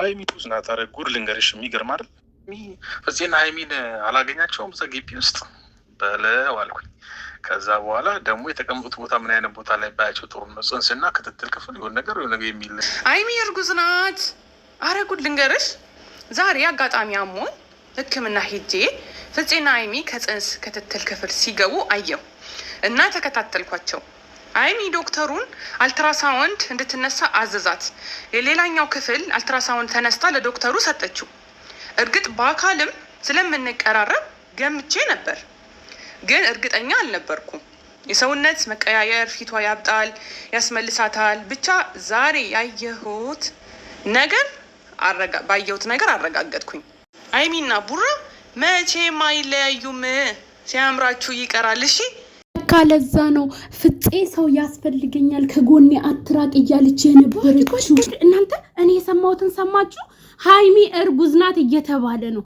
ሀይሚ ቱዝ ናት። ኧረ ጉድ ልንገርሽ፣ የሚገርም አይደል? እዚህን ሀይሚን አላገኛቸውም እዛ ግቢ ውስጥ በለው አልኩኝ። ከዛ በኋላ ደግሞ የተቀምጡት ቦታ ምን አይነት ቦታ ላይ ባያቸው ጥሩ ነው። ጽንስና ክትትል ክፍል የሆነ ነገር የሆነ ነገር የሚል ሀይሚ እርጉዝ ናት። ኧረ ጉድ ልንገርሽ፣ ዛሬ አጋጣሚ አሞን ህክምና ሂጄ ፍፄና ሀይሚ ከጽንስ ክትትል ክፍል ሲገቡ አየሁ እና ተከታተልኳቸው። አይሚ ዶክተሩን አልትራሳውንድ እንድትነሳ አዘዛት። የሌላኛው ክፍል አልትራሳውንድ ተነስታ ለዶክተሩ ሰጠችው። እርግጥ በአካልም ስለምንቀራረብ ገምቼ ነበር፣ ግን እርግጠኛ አልነበርኩም። የሰውነት መቀያየር፣ ፊቷ ያብጣል፣ ያስመልሳታል። ብቻ ዛሬ ያየሁት ነገር ባየሁት ነገር አረጋገጥኩኝ። አይሚና ቡራ መቼም አይለያዩም። ሲያምራችሁ ይቀራል። እሺ ለካ ለዛ ነው ፍፄ ሰው ያስፈልገኛል ከጎኔ አትራቅ እያለች የነበረችው። እናንተ እኔ የሰማሁትን ሰማችሁ? ሀይሚ እርጉዝ ናት እየተባለ ነው።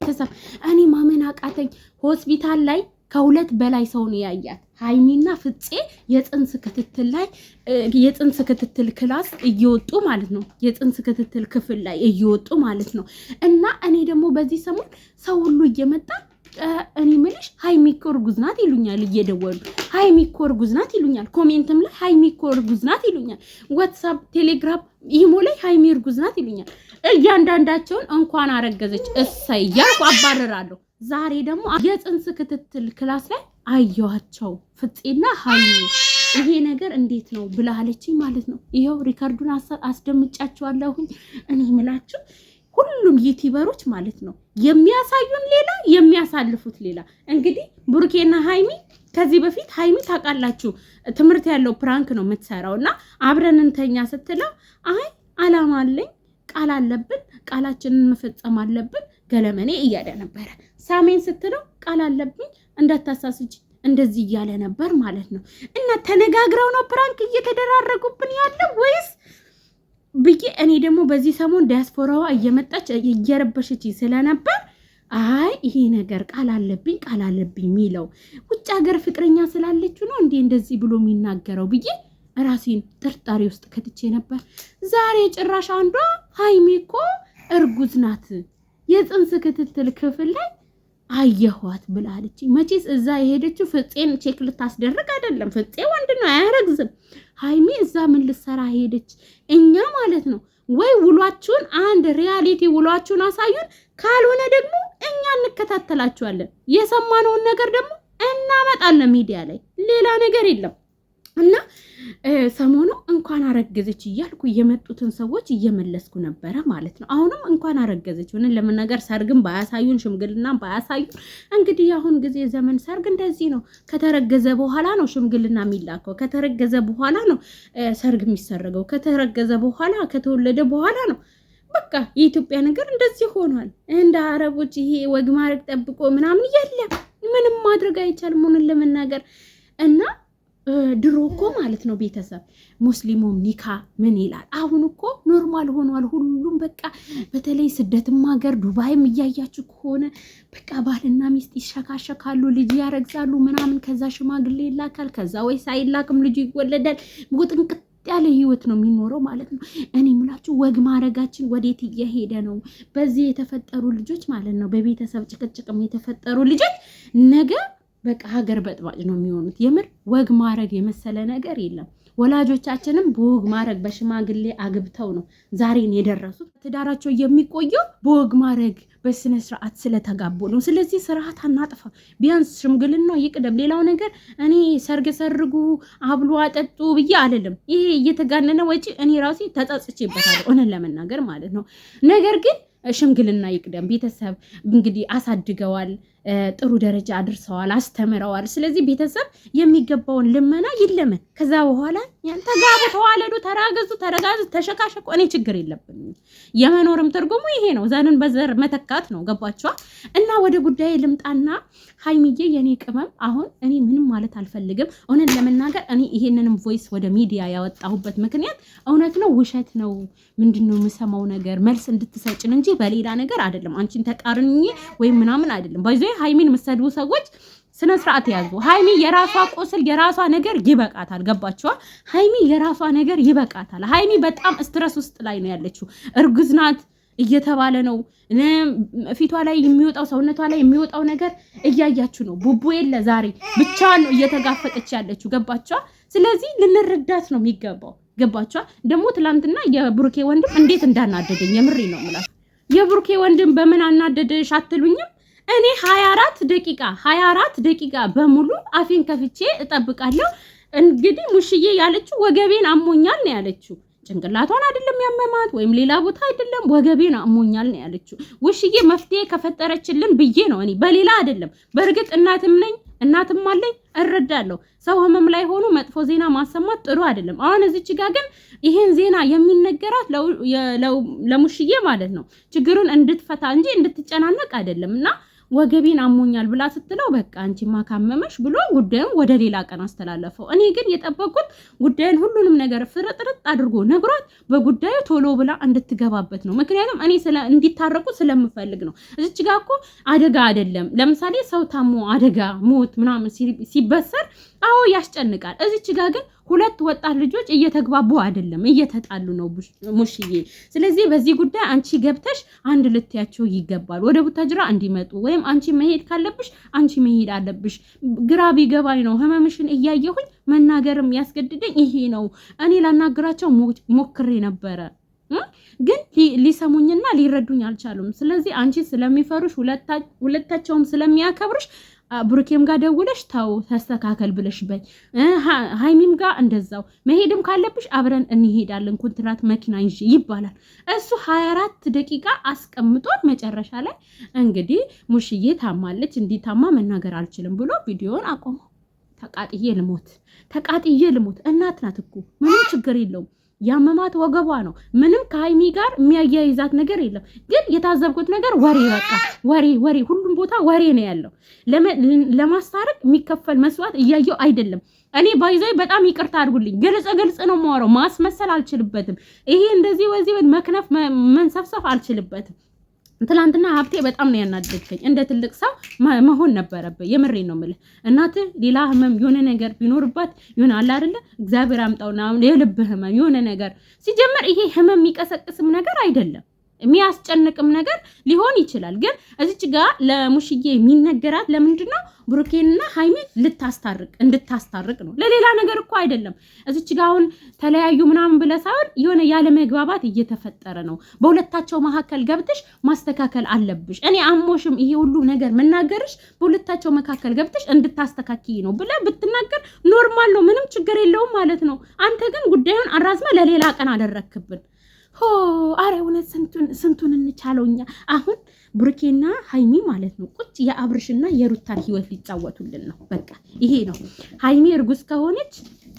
እኔ ማመን አቃተኝ። ሆስፒታል ላይ ከሁለት በላይ ሰው ነው ያያት። ሀይሚና ፍፄ የፅንስ ክትትል ላይ የፅንስ ክትትል ክላስ እየወጡ ማለት ነው፣ የፅንስ ክትትል ክፍል ላይ እየወጡ ማለት ነው። እና እኔ ደግሞ በዚህ ሰሞን ሰው ሁሉ እየመጣ እኔ ምልሽ ሀይሚ እኮ እርጉዝ ናት ይሉኛል፣ እየደወሉ ሀይሚ እኮ እርጉዝ ናት ይሉኛል። ኮሜንትም ላይ ሀይሚ እኮ እርጉዝ ናት ይሉኛል። ዋትሳፕ፣ ቴሌግራም፣ ኢሞ ላይ ሀይሚ እርጉዝ ናት ይሉኛል። እያንዳንዳቸውን እንኳን አረገዘች እሰይ እያልኩ አባረራለሁ። ዛሬ ደግሞ የፅንስ ክትትል ክላስ ላይ አየኋቸው ፍፄና ሀይሚ ይሄ ነገር እንዴት ነው ብላለችኝ ማለት ነው። ይኸው ሪከርዱን አስደምጫችኋለሁኝ እኔ ምላችሁ ሁሉም ዩቲበሮች ማለት ነው የሚያሳዩን ሌላ የሚያሳልፉት ሌላ። እንግዲህ ብሩኬና ሀይሚ ከዚህ በፊት ሀይሚ ታውቃላችሁ ትምህርት ያለው ፕራንክ ነው የምትሰራው እና አብረን እንተኛ ስትለው አይ አላማ አለኝ ቃል አለብን ቃላችንን መፈጸም አለብን ገለመኔ እያለ ነበረ። ሳሜን ስትለው ቃል አለብኝ እንዳታሳስጅ እንደዚህ እያለ ነበር ማለት ነው። እና ተነጋግረው ነው ፕራንክ እየተደራረጉብን ያለው ወይስ ብዬ እኔ ደግሞ በዚህ ሰሞን ዲያስፖራዋ እየመጣች እየረበሸች ስለነበር አይ ይሄ ነገር ቃል አለብኝ ቃል አለብኝ የሚለው ውጭ ሀገር ፍቅረኛ ስላለችው ነው እንዴ እንደዚህ ብሎ የሚናገረው ብዬ ራሴን ጥርጣሪ ውስጥ ከትቼ ነበር። ዛሬ ጭራሽ አንዷ ሀይሜ እኮ እርጉዝ ናት የፅንስ ክትትል ክፍል ላይ አየኋት ብላለች። መቼስ እዛ የሄደችው ፍፄን ቼክ ልታስደርግ አይደለም። ፍፄ ወንድ ነው አያረግዝም። ሀይሚ እዛ ምን ልትሰራ ሄደች? እኛ ማለት ነው ወይ ውሏችሁን አንድ ሪያሊቲ ውሏችሁን አሳዩን፣ ካልሆነ ደግሞ እኛ እንከታተላችኋለን። የሰማነውን ነገር ደግሞ እናመጣለን ሚዲያ ላይ። ሌላ ነገር የለም። እና ሰሞኑ እንኳን አረገዘች እያልኩ የመጡትን ሰዎች እየመለስኩ ነበረ ማለት ነው። አሁንም እንኳን አረገዘች ሆነን ለመናገር ሰርግን ባያሳዩን ሽምግልና ባያሳዩን፣ እንግዲህ የአሁን ጊዜ ዘመን ሰርግ እንደዚህ ነው። ከተረገዘ በኋላ ነው ሽምግልና የሚላከው፣ ከተረገዘ በኋላ ነው ሰርግ የሚሰረገው፣ ከተረገዘ በኋላ ከተወለደ በኋላ ነው። በቃ የኢትዮጵያ ነገር እንደዚህ ሆኗል። እንደ አረቦች ይሄ ወግ ማድረግ ጠብቆ ምናምን የለም፣ ምንም ማድረግ አይቻልም ሆነን ለመናገር እና ድሮ እኮ ማለት ነው ቤተሰብ ሙስሊሙም ኒካ ምን ይላል? አሁን እኮ ኖርማል ሆኗል ሁሉም በቃ በተለይ ስደትም ሀገር ዱባይም እያያችሁ ከሆነ በቃ ባልና ሚስት ይሸካሸካሉ፣ ልጅ ያረግዛሉ ምናምን። ከዛ ሽማግሌ ይላካል፣ ከዛ ወይስ አይላክም፣ ልጁ ይወለዳል። ውጥንቅጥ ያለ ህይወት ነው የሚኖረው ማለት ነው። እኔ ምላችሁ ወግ ማድረጋችን ወዴት እየሄደ ነው? በዚህ የተፈጠሩ ልጆች ማለት ነው በቤተሰብ ጭቅጭቅም የተፈጠሩ ልጆች ነገር። በቃ ሀገር በጥባጭ ነው የሚሆኑት። የምር ወግ ማድረግ የመሰለ ነገር የለም። ወላጆቻችንም በወግ ማድረግ በሽማግሌ አግብተው ነው ዛሬን የደረሱት። ትዳራቸው የሚቆየው በወግ ማድረግ በስነ ስርዓት ስለተጋቡ ነው። ስለዚህ ስርዓት አናጥፋ፣ ቢያንስ ሽምግልና ይቅደም። ሌላው ነገር እኔ ሰርግ ሰርጉ፣ አብሉ፣ አጠጡ ብዬ አልልም። ይሄ እየተጋነነ ወጪ እኔ ራሴ ተጸጽቼበታለሁ፣ እውነት ለመናገር ማለት ነው። ነገር ግን ሽምግልና ይቅደም። ቤተሰብ እንግዲህ አሳድገዋል ጥሩ ደረጃ አድርሰዋል፣ አስተምረዋል። ስለዚህ ቤተሰብ የሚገባውን ልመና ይለመን። ከዛ በኋላ ተጋቡ፣ ተዋለዱ፣ ተራገዙ፣ ተረጋዙ፣ ተሸካሸቁ። እኔ ችግር የለብኝም። የመኖርም ትርጉሙ ይሄ ነው፣ ዘርን በዘር መተካት ነው። ገባችኋል? እና ወደ ጉዳይ ልምጣና ሀይሚዬ የኔ ቅመም፣ አሁን እኔ ምንም ማለት አልፈልግም። እውነት ለመናገር እኔ ይሄንንም ቮይስ ወደ ሚዲያ ያወጣሁበት ምክንያት እውነት ነው ውሸት ነው ምንድነው የምሰማው ነገር መልስ እንድትሰጭን እንጂ በሌላ ነገር አይደለም። አንቺን ተቃርኝ ወይም ምናምን አይደለም። ሀይሚን የምትሰድቡ ሰዎች ስነ ስርዓት ያዙ። ሀይሚ የራሷ ቁስል የራሷ ነገር ይበቃታል። ገባችኋ? ሀይሚ የራሷ ነገር ይበቃታል። ሀይሚ በጣም ስትረስ ውስጥ ላይ ነው ያለችው። እርጉዝ ናት እየተባለ ነው። ፊቷ ላይ የሚወጣው ሰውነቷ ላይ የሚወጣው ነገር እያያችሁ ነው። ቡቡ የለ ዛሬ ብቻዋን ነው እየተጋፈጠች ያለችው። ገባችኋ? ስለዚህ ልንረዳት ነው የሚገባው። ገባችኋ? ደግሞ ትላንትና የብሩኬ ወንድም እንዴት እንዳናደደኝ የምሬ ነው የምላችሁ። የብሩኬ ወንድም በምን አናደደሽ አትሉኝም? እኔ 24 ደቂቃ 24 ደቂቃ በሙሉ አፌን ከፍቼ እጠብቃለሁ። እንግዲህ ሙሽዬ ያለችው ወገቤን አሞኛል ነው ያለችው። ጭንቅላቷን አይደለም ያመማት ወይም ሌላ ቦታ አይደለም፣ ወገቤን አሞኛል ነው ያለችው። ውሽዬ መፍትሄ ከፈጠረችልን ብዬ ነው እኔ በሌላ አይደለም። በእርግጥ እናትም ነኝ እናትም አለኝ እረዳለሁ። ሰው ህመም ላይ ሆኖ መጥፎ ዜና ማሰማት ጥሩ አይደለም። አሁን እዚች ጋ ግን ይህን ዜና የሚነገራት ለሙሽዬ ማለት ነው ችግሩን እንድትፈታ እንጂ እንድትጨናነቅ አይደለም እና ወገቤን አሞኛል ብላ ስትለው በቃ አንቺ ማካመመሽ ብሎ ጉዳዩን ወደ ሌላ ቀን አስተላለፈው። እኔ ግን የጠበቁት ጉዳዩን ሁሉንም ነገር ፍርጥርጥ አድርጎ ነግሯት በጉዳዩ ቶሎ ብላ እንድትገባበት ነው። ምክንያቱም እኔ እንዲታረቁ ስለምፈልግ ነው። እዚች ጋ እኮ አደጋ አይደለም። ለምሳሌ ሰው ታሞ አደጋ ሞት ምናምን ሲበሰር አዎ ያስጨንቃል። እዚች ጋ ግን ሁለት ወጣት ልጆች እየተግባቡ አይደለም፣ እየተጣሉ ነው ሙሽዬ። ስለዚህ በዚህ ጉዳይ አንቺ ገብተሽ አንድ ልትያቸው ይገባል፣ ወደ ቡታጅራ እንዲመጡ ወይም አንቺ መሄድ ካለብሽ አንቺ መሄድ አለብሽ። ግራ ቢገባኝ ነው ህመምሽን እያየሁኝ መናገርም ያስገድደኝ ይሄ ነው። እኔ ላናግራቸው ሞክሬ ነበረ ግን ሊሰሙኝና ሊረዱኝ አልቻሉም። ስለዚህ አንቺ ስለሚፈሩሽ ሁለታቸውም ስለሚያከብርሽ ብሩኬም ጋር ደውለሽ ተው ተስተካከል ብለሽ በይ። ሀይሚም ጋር እንደዛው መሄድም ካለብሽ አብረን እንሄዳለን ኮንትራት መኪና ይዤ ይባላል። እሱ ሀያ አራት ደቂቃ አስቀምጦን መጨረሻ ላይ እንግዲህ ሙሽዬ ታማለች እንዲህ ታማ መናገር አልችልም ብሎ ቪዲዮን አቆመ። ተቃጥዬ ልሞት ተቃጥዬ ልሞት። እናት ናት እኮ ምንም ችግር የለውም። ያመማት ወገቧ ነው። ምንም ከሀይሚ ጋር የሚያያይዛት ነገር የለም። ግን የታዘብኩት ነገር ወሬ በቃ ወሬ ወሬ፣ ሁሉም ቦታ ወሬ ነው ያለው። ለማስታረቅ የሚከፈል መስዋዕት እያየው አይደለም። እኔ ባይዛይ በጣም ይቅርታ አድርጉልኝ፣ ግልጽ ግልጽ ነው የማወራው። ማስመሰል አልችልበትም። ይሄ እንደዚህ ወዚህ መክነፍ መንሰፍሰፍ አልችልበትም። ትላንትና ሀብቴ በጣም ነው ያናደድከኝ። እንደ ትልቅ ሰው መሆን ነበረብህ። የምሬን ነው የምልህ። እናት ሌላ ህመም የሆነ ነገር ቢኖርባት ይሆን አለ አይደለ? እግዚአብሔር አምጣውና የልብ ህመም የሆነ ነገር ሲጀመር፣ ይሄ ህመም የሚቀሰቅስም ነገር አይደለም የሚያስጨንቅም ነገር ሊሆን ይችላል። ግን እዚች ጋር ለሙሽዬ የሚነገራት ለምንድን ነው? ብሩኬንና ሀይሜን ልታስታርቅ እንድታስታርቅ ነው፣ ለሌላ ነገር እኮ አይደለም። እዚች ጋ አሁን ተለያዩ ምናምን ብለህ ሳይሆን የሆነ ያለመግባባት እየተፈጠረ ነው፣ በሁለታቸው መካከል ገብተሽ ማስተካከል አለብሽ። እኔ አሞሽም ይሄ ሁሉ ነገር መናገርሽ በሁለታቸው መካከል ገብተሽ እንድታስተካክይ ነው ብለ ብትናገር ኖርማል ነው፣ ምንም ችግር የለውም ማለት ነው። አንተ ግን ጉዳዩን አራዝመ ለሌላ ቀን አደረክብን። ሆ አረ እውነት ስንቱን እንቻለው እኛ አሁን ብሩኬና ሀይሚ ማለት ነው ቁጭ የአብርሽና የሩታን ህይወት ሊጫወቱልን ነው። በቃ ይሄ ነው። ሀይሚ እርጉዝ ከሆነች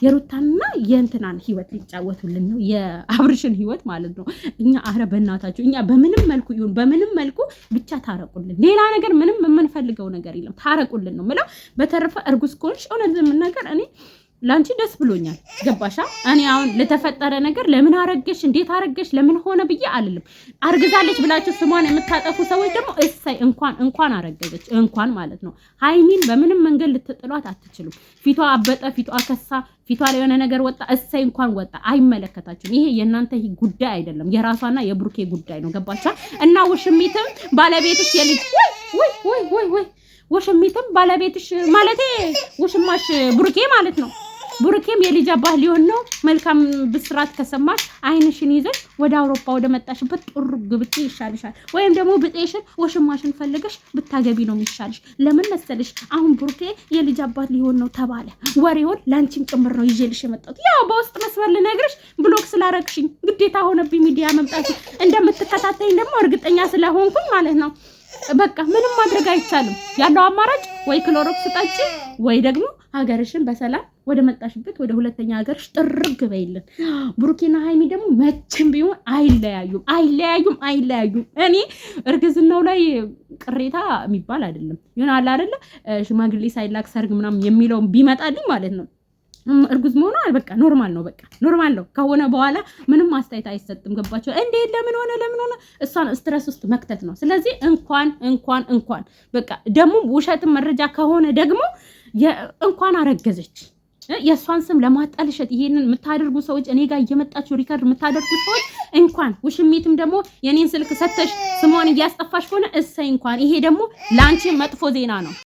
የሩታንና የእንትናን ህይወት ሊጫወቱልን ነው፣ የአብርሽን ህይወት ማለት ነው። እኛ አረ በእናታችሁ እኛ በምንም መልኩ ይሁን በምንም መልኩ ብቻ ታረቁልን። ሌላ ነገር ምንም የምንፈልገው ነገር የለም። ታረቁልን ነው ምለው። በተረፈ እርጉዝ ከሆንሽ እውነት ነገር እኔ ለአንቺ ደስ ብሎኛል። ገባሻ? እኔ አሁን ለተፈጠረ ነገር ለምን አረገሽ፣ እንዴት አረገሽ፣ ለምን ሆነ ብዬ አልልም። አርግዛለች ብላችሁ ስሟን የምታጠፉ ሰዎች ደግሞ እሰይ እንኳን እንኳን አረገዘች እንኳን ማለት ነው። ሀይሚን በምንም መንገድ ልትጥሏት አትችሉም። ፊቷ አበጠ፣ ፊቷ ከሳ፣ ፊቷ ላይ የሆነ ነገር ወጣ፣ እሰይ እንኳን ወጣ። አይመለከታችሁም። ይሄ የእናንተ ጉዳይ አይደለም፣ የራሷና የብሩኬ ጉዳይ ነው። ገባቻ? እና ውሽሚትም ባለቤትሽ የልጅ ወይ ወይ ወይ ወይ ውሽሚትም ባለቤትሽ ማለቴ ውሽማሽ ብሩኬ ማለት ነው ቡርኬም የልጅ አባት ሊሆን ነው። መልካም ብስራት ከሰማሽ አይንሽን ይዘሽ ወደ አውሮፓ ወደ መጣሽበት ጥሩ ግብጤ ይሻልሻል። ወይም ደግሞ ብጤሽን ወሽማሽን ፈልገሽ ብታገቢ ነው የሚሻልሽ። ለምን መሰልሽ? አሁን ቡርኬ የልጅ አባት ሊሆን ነው ተባለ። ወሬውን ለአንቺም ጭምር ነው ይዤልሽ የመጣሁት። ያው በውስጥ መስመር ልነግርሽ ብሎክ ስላረግሽኝ ግዴታ ሆነብኝ ሚዲያ መምጣት። እንደምትከታተኝ ደግሞ እርግጠኛ ስለሆንኩኝ ማለት ነው። በቃ ምንም ማድረግ አይቻልም። ያለው አማራጭ ወይ ክሎሮክስ ጠጪ ወይ ደግሞ ሀገርሽን በሰላም ወደ መጣሽበት ወደ ሁለተኛ ሀገርሽ ጥርግ በይልን። ብሩኬና ሀይሚ ደግሞ መቼም ቢሆን አይለያዩም፣ አይለያዩም፣ አይለያዩም። እኔ እርግዝናው ላይ ቅሬታ የሚባል አይደለም ይሆን አለ አይደለ ሽማግሌ ሳይላክ ሰርግ ምናምን የሚለውን ቢመጣልኝ ማለት ነው እርጉዝ መሆኑ በቃ ኖርማል ነው። በቃ ኖርማል ነው ከሆነ በኋላ ምንም አስተያየት አይሰጥም። ገባቸው እንዴ? ለምን ሆነ ለምን ሆነ እሷን ስትረስ ውስጥ መክተት ነው። ስለዚህ እንኳን እንኳን እንኳን በቃ ደግሞ ውሸትን መረጃ ከሆነ ደግሞ እንኳን አረገዘች የእሷን ስም ለማጠልሸት ይሄንን የምታደርጉ ሰዎች፣ እኔ ጋር እየመጣችሁ ሪከርድ የምታደርጉ ሰዎች እንኳን ውሽሚትም ደግሞ የኔን ስልክ ሰተሽ ስሟን እያስጠፋሽ ከሆነ እሰይ እንኳን። ይሄ ደግሞ ለአንቺ መጥፎ ዜና ነው።